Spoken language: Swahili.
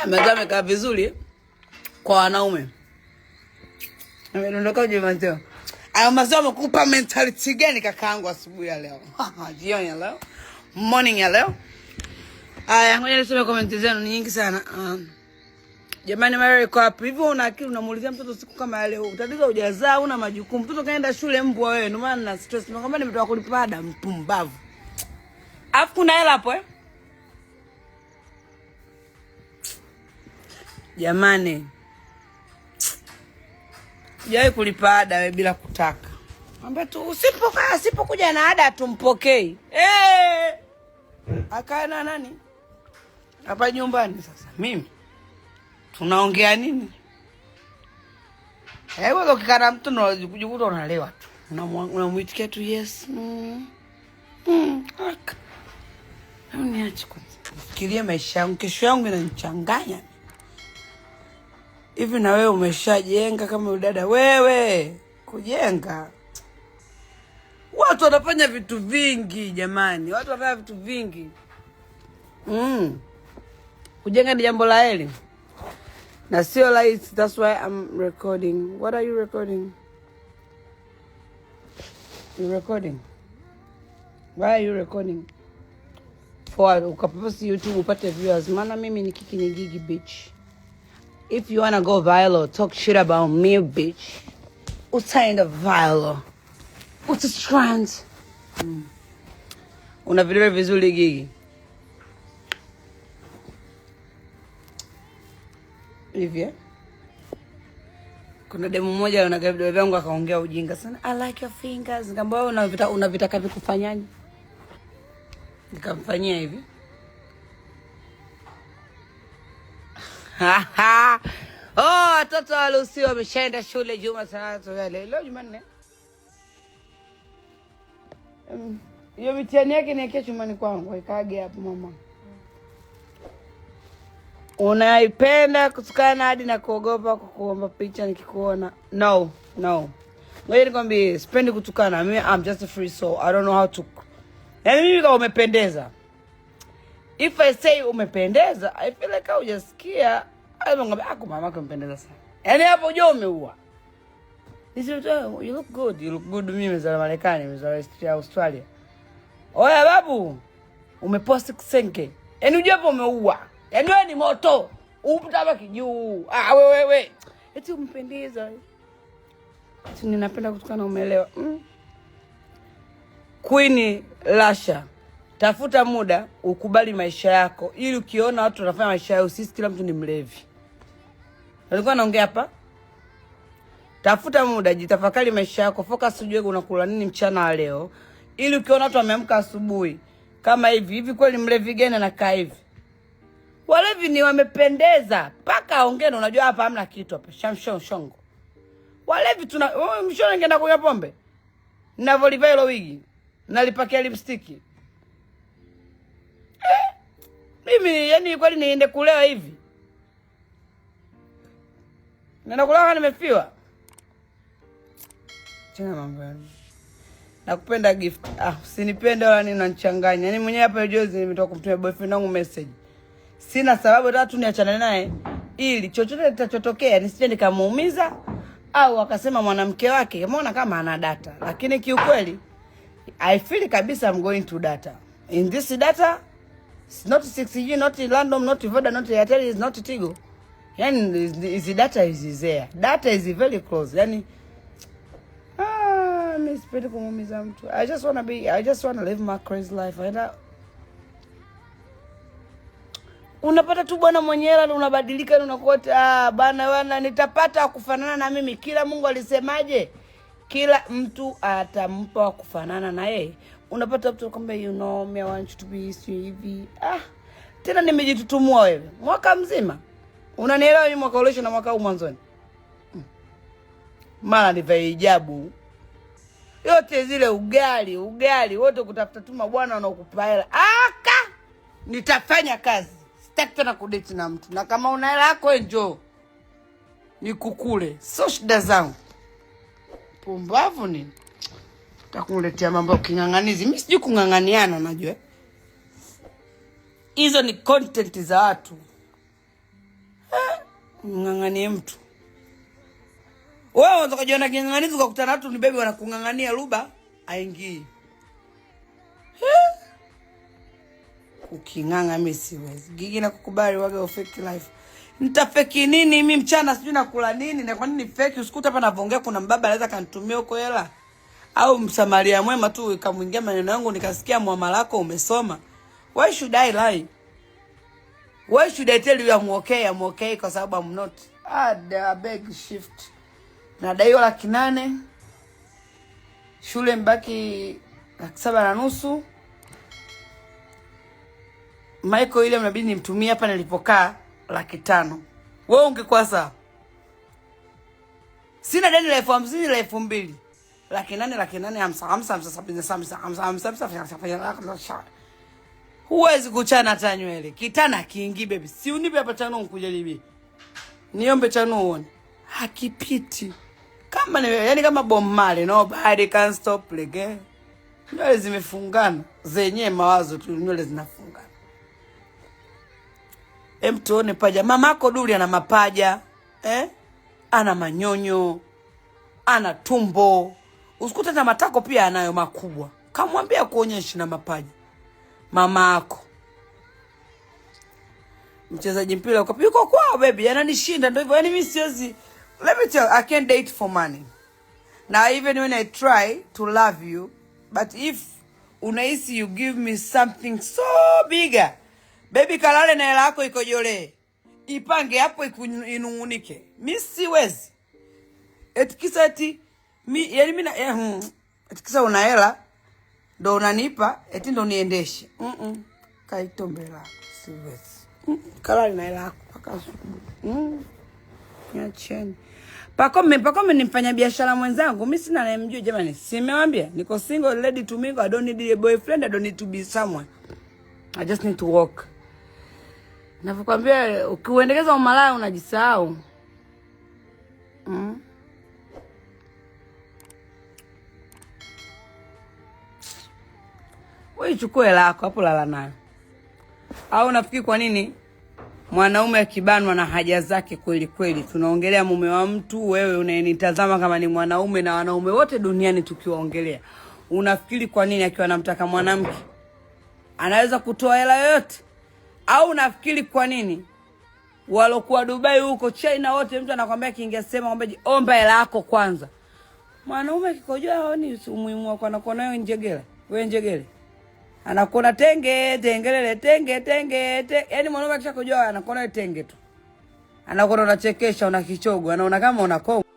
Mazao yamekaa vizuri kwa wanaume. Amedondoka je mazao? Ayo mazao amekupa mentality gani kakaangu asubuhi ya leo? Ah, jioni ya leo. Morning ya leo. Aya, ngoja nisome comment zenu ni nyingi sana. Um, jamani Mary iko wapi? Hivyo una akili unamuulizia mtoto siku kama ya leo. Utatiza hujazaa, una majukumu. Mtoto kaenda shule mbwa wewe. Ndio maana na stress. Nimekwambia nimetoka kulipa ada mpumbavu. Afu kuna hela hapo eh? Jamani, sijawahi kulipa ada we bila kutaka. Mwambia tu usipokaa, asipokuja na ada tumpokei. Hey! Eh! Akae na nani hapa nyumbani? Sasa mimi tunaongea nini? Hebu eh, ukikaa mtu kujikuta unalewa tu, unamwitikia tu yes. Mm. mm niache kwanza, fikirie maisha yangu, kesho yangu inanichanganya hivi na wewe umeshajenga kama udada wewe? Kujenga, watu wanafanya vitu vingi jamani, watu wanafanya vitu vingi mm. Kujenga ni jambo la heli na sio rahisi. That's why I'm recording. What are you recording? You recording? Why are you recording? For ukaposti YouTube upate viewers, maana mimi ni Kiki ni gigi bitch. If you wanna go viral, talk shit about me, bitch. What's Utaenda viral, What's utatrend. Mm. Una video vizuri gigi. Hivyo eh? kuna demu moja mmoja anaangalia vidole vyangu akaongea ujinga sana. I like your fingers. Ngamba wewe unavitaka unavitaka vikufanyaje? Nikamfanyia hivi. Oh, watoto walusi wameshaenda shule Jumatatu ya leo. Leo Jumanne. Mm, hiyo mitihani yake niwekee chumbani kwangu, ikaage hapo mama. Unaipenda kutukana hadi na kuogopa kukuomba picha nikikuona. No, no. Ngoja nikwambie, sipendi kutukana. Mimi I'm just a free soul. I don't know how to. Yaani mimi kama umependeza if I say umependeza, I feel like hujasikia ako mama yako mpendeza sana, yaani hapo ujua umeua. You look good, you look good. Mimi nimezaliwa Marekani, nimezaliwa Australia. Oya babu, umeposti senke, yaani ujua hapo umeua, yaani wewe ni moto utabaki juu. Ah, wewe eti umpendeza ninapenda kutukana, umeelewa? mm. Queen Lasha Tafuta muda ukubali maisha yako, ili ukiona watu wanafanya maisha yao. Sisi kila mtu ni mlevi, nilikuwa naongea hapa. Tafuta muda, jitafakari maisha yako, focus, ujue unakula nini mchana wa leo, ili ukiona watu wameamka asubuhi kama hivi hivi, kweli mlevi gani anakaa hivi? Walevi ni wamependeza paka aongee, unajua hapa hamna kitu hapa, shamsho shongo. Walevi tuna mshona, ngenda kunywa pombe, navoliva wigi, nalipakia lipstiki mimi yani kweli niende kulewa hivi? Nenda kulewa, nimefiwa chana mambo yangu. Nakupenda gift. Ah, usinipende wala nini, unanichanganya. Yaani mwenyewe hapa juzi nimetoka kumtumia boyfriend wangu message. Sina sababu hata tu niachane naye ili chochote kitachotokea nisije nikamuumiza au akasema mwanamke wake umeona kama ana data. Lakini kiukweli I feel kabisa I'm going to data. In this data not 6G, not random, not Voda, not Airtel, is not Tigo. Yani the data is there. Data is very close. Yani ah, mimi sipendi kumuumiza mtu. I just wanna be I just wanna live my crazy life. Aenda unapata tu bwana mwenye hela unabadilika na unakuwa ah, bana wana nitapata kufanana na mimi. Kila Mungu alisemaje? Kila mtu atampa kufanana na yeye unapata mtu kwamba you know me I want you to be si hivi. Ah, tena nimejitutumua wewe mwaka mzima, unanielewa? Ni mwaka ulesho na mwaka huu mwanzoni, hmm. mara ni vya yote zile ugali ugali wote kutafuta tuma bwana wanaokupa hela. Aka nitafanya kazi, sitaki tena kudeti na mtu, na kama una hela yako njoo nikukule, sio shida zangu. Pumbavu nini? takuletea mambo ya king'ang'anizi. Mimi sijui kung'ang'aniana, najua hizo ni content za watu. Eh, mng'ang'anie mtu wewe, utakajiona king'ang'anizi, ukakutana watu ni bebi wanakung'ang'ania luba aingii eh. uking'ang'a. Mimi siwezi gigi na kukubali waga fake life Nitafeki nini mimi mchana, sijui nakula nini na kwa nini feki? Usikuta hapa navongea, kuna mbaba anaweza kanitumia huko hela au msamaria mwema tu ikamwingia maneno yangu, nikasikia mwamala wako umesoma. Why should I lie? Why should I tell you I'm okay, I'm okay kwa sababu I'm not. Ah, big shift. Nadaiwa laki nane shule mbaki laki saba na nusu. Michael ile mnabidi nimtumie hapa nilipokaa laki tano. Wewe ungekuwa sawa, sina deni la elfu hamsini la elfu mbili laki nane laki nane hamsa hamsa hamsa sabini hamsa hamsa hamsa hamsa. hamsa hamsa hamsa Huwezi kuchana hata nywele, kitana kingi baby si unipe hapa chano nkuja libi niombe chano uone hakipiti kama ni wewe, yani kama bomale nobody can stop again. Nywele zimefungana zenye mawazo tu, nywele zinafungana. Hem, tuone paja. Mamako Duli ana mapaja eh? ana manyonyo, ana tumbo usikute na matako pia anayo makubwa, kamwambia kuonyeshi na mapaji mama yako mchezaji mpira piko kwa baby, ananishinda ndio hivyo. Yani mimi siwezi, let me tell I can't date for money na even when I try to love you but if unahisi you give me something so bigger baby, kalale na hela yako ikojolee, ipange hapo inung'unike. Mimi siwezi eti kisa eti mi yani mi na eh, mm, Atikisa una hela ndo unanipa eti ndo niendeshe mm -mm. Kaitombela siwezi mm Kala Kalali na hela yako mpaka asubuhi mm. Niacheni pakome pakome, ni biashara mwenzangu mimi, sina anayemjua jamani, simewambia niko single lady to mingle. I don't need a boyfriend, I don't need to be someone, I just need to walk. Navyokwambia ukiuendekeza umalaya unajisahau mm. wewe chukua hela yako hapo, lala nayo. Au unafikiri kwa nini mwanaume akibanwa na haja zake kweli kweli, tunaongelea mume wa mtu, wewe unayenitazama kama ni mwanaume na wanaume wote duniani tukiwaongelea, unafikiri kwa nini akiwa anamtaka mwanamke anaweza kutoa hela yoyote? Au unafikiri kwa nini walokuwa Dubai huko China wote mtu anakwambia kiingia sema kwamba omba hela yako kwanza. Mwanaume kikojoa haoni umuhimu wako, anakuwa nayo njegele. Wewe njegele anakona tenge tengelele tenge tenge te, yani mwanaume kujua anakona tenge tu, anakona unachekesha, una kichogo, anaona kama una